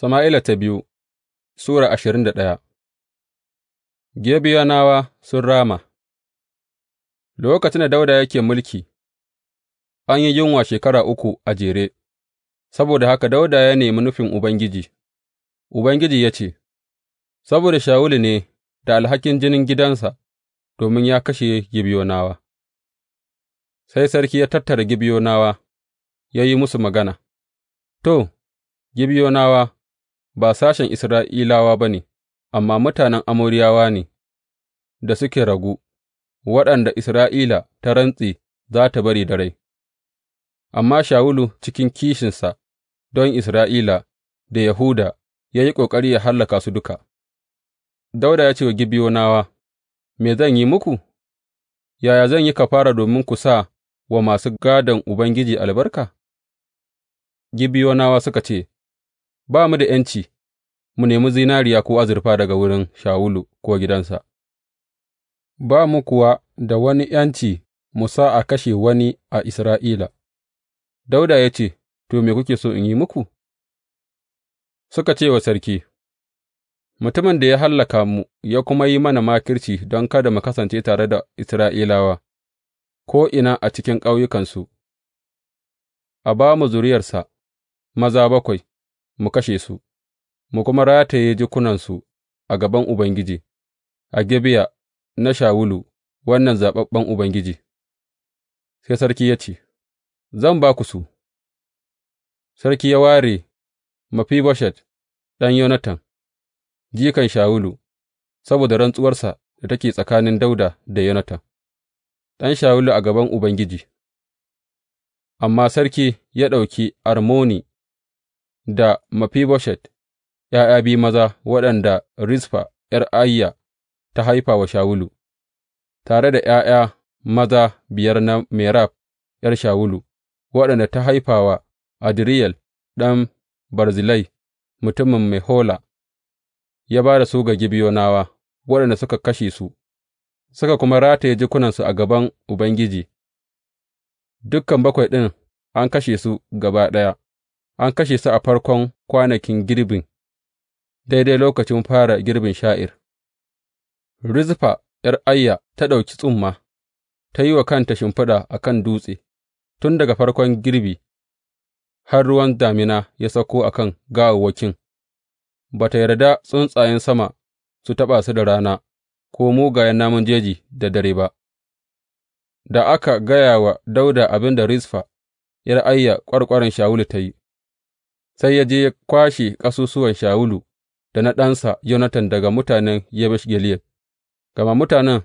Sama'ila ta biyu Sura ashirin da ɗaya Gibeyonawa sun rama Lokacin da Dawuda yake mulki, an yi yunwa shekara uku a jere, saboda haka Dauda ya nemi nufin Ubangiji, Ubangiji ya ce, Saboda Shawulu ne da alhakin jinin gidansa, domin ya kashe Gibeyonawa. Sai sarki ya tattara Gibeyonawa, ya yi musu magana, To, Gibiyonawa. ba sashen Isra'ilawa ba ne, amma mutanen Amoriyawa ne da suke ragu, waɗanda Isra'ila ta rantse za tă bari da rai, amma Shawulu cikin kishinsa don Isra'ila da Yahuda ya yi ƙoƙari ya hallaka su duka. Dauda ya ce wa Gibeyonawa, Me zan yi muku? Yaya zan yi kafara domin ku sa wa masu gadon Ubangiji albarka? Gibeyonawa suka ce, ba mu da ’yanci mu nemi zinariya ko azurfa daga wurin Shawulu ko gidansa, ba mu kuwa da wani ’yanci mu sa a kashe wani a Isra'ila. Dauda ya ce, To, me kuke so in yi muku? Suka ce wa sarki, Mutumin da ya hallaka mu ya kuma yi mana makirci don kada mu kasance tare da Isra'ilawa, ko'ina a cikin ƙauyukansu, a ba mu zuriyarsa, maza bakwai, mu kashe su, mu kuma rataye jikunansu a gaban Ubangiji, a Gibeya na Shawulu, wannan zaɓaɓɓen Ubangiji. Sai sarki ya ce, Zan ba ku su, sarki ya ware mafiboshet ɗan Yonatan, jikan Shawulu, saboda rantsuwarsa da take tsakanin Dauda da Yonatan, ɗan Shawulu a gaban Ubangiji. Amma sarki ya ɗauki Armoni da Mefiboshet, ’ya'ya biyu maza waɗanda Rizfa ’yar Aiya ta haifa wa Shawulu, tare da ’ya'ya maza biyar na Merab ’yar Shawulu, waɗanda ta haifa wa Adriyel ɗan Barzillai mutumin Mehola, ya ba da su ga Gibeyonawa, waɗanda suka kashe su, suka kuma rataye jikunansu a gaban Ubangiji, dukkan bakwai ɗin an kashe su gaba ɗaya. an kashe su a farkon kwanakin girbin, daidai lokacin fara girbin sha'ir. Rizfa ’yar Ayya ta ɗauki tsumma, ta yi wa kanta shimfiɗa a kan dutse, tun daga farkon girbi har ruwan damina ya sauko a kan gawawwakin, ba ta yarda tsuntsayen sama su taɓa su da rana ko mugayen namun jeji da dare ba. Da aka gaya wa Dauda abin da Rizfa ’yar Ayya ƙwarƙwaran Shawulu ta yi. sai ya je ya kwashe ƙasusuwan Shawulu da na ɗansa Yonatan daga mutanen Yabesh Gileyad, gama mutanen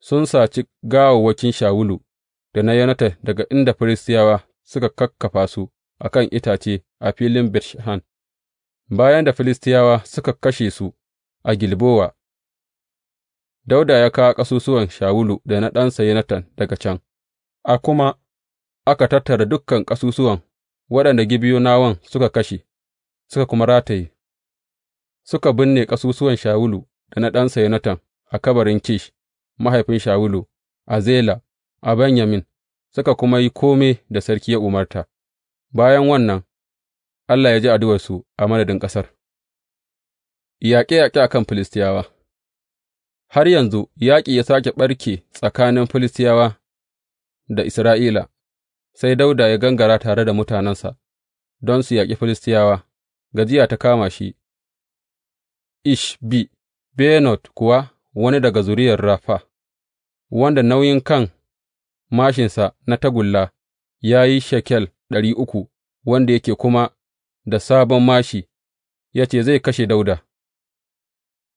sun saci gawawwakin Shawulu da na Yonatan daga inda Filistiyawa suka kakkafa su a kan itace a filin Bethshan, bayan da Filistiyawa suka kashe su a Gilbowa, Dauda ya kawo ƙasusuwan Shawulu da na ɗansa Yonatan daga can, a kuma aka tattara dukan ƙasusuwan waɗanda Gibeyonawan suka kashe, suka kuma rataye, suka binne ƙasusuwan Shawulu da na ɗansa Yonatan a kabarin Kish, mahaifin Shawulu, a Zela, a Benyamin, suka kuma yi kome da sarki ya umarta, bayan wannan, Allah ya ji addu'arsu a madadin ƙasar. Yaƙe-yaƙe a kan Filistiyawa Har yanzu yaƙi ya sake ɓarke tsakanin Filistiyawa da Isra'ila. sai Dawuda ya gangara tare da mutanensa don su yaƙi Filistiyawa, gajiya ta kama shi, Ishbi, Benot kuwa wani daga zuriyar Rafa, wanda nauyin kan mashinsa na tagulla ya yi shekel ɗari uku, wanda yake kuma da sabon mashi ya ce zai kashe dauda.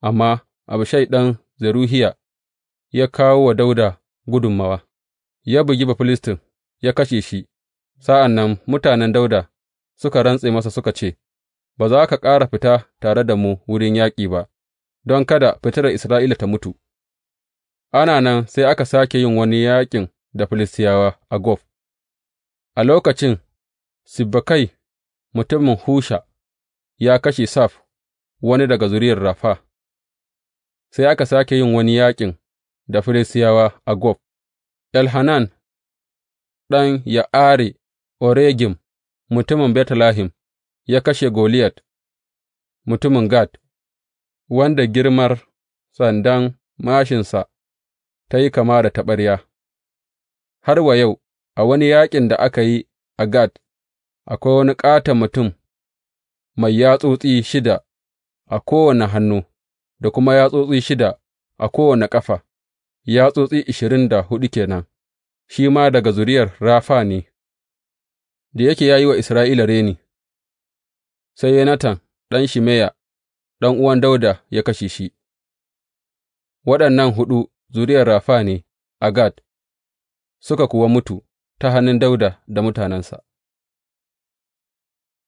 Amma Abishai ɗan Zeruhiya ya kawo wa dauda gudunmawa. ya bugi ba filistin. ya kashe shi, sa'an nan mutanen Dawuda suka rantse masa suka ce, Ba za ka ƙara fita tare da mu wurin yaƙi ba, don kada fitilar Isra'ila ta mutu. Ana nan sai aka sake yin wani yaƙin da Filistiyawa a Gof. A lokacin, Sibbakai mutumin Husha ya kashe Saf, wani daga zuriyar Rafa, sai aka sake yin wani yaƙin da Filistiyawa a Gof. Elhanan ɗan Ya'are Oregim, mutumin Betlehem, ya kashe Goliyat, mutumin Gad, wanda girmar sandan māshinsa ta yi kama da taɓarya, har wa yau, a wani yaƙin da aka yi a Gad, akwai wani ƙata mutum mai yatsotsi shida a kowane hannu, da kuma yatsotsi shida a kowane ƙafa, yatsotsi ashirin da huɗu ke nan. shi ma daga zuriyar Rafa ne, da yake ya yi wa Isra'ila reni, sai Yonatan ɗan Shimeya, uwan Dauda ya kashe shi, waɗannan huɗu zuriyar Rafa ne a Gad, suka kuwa mutu ta hannun Dauda da mutanensa.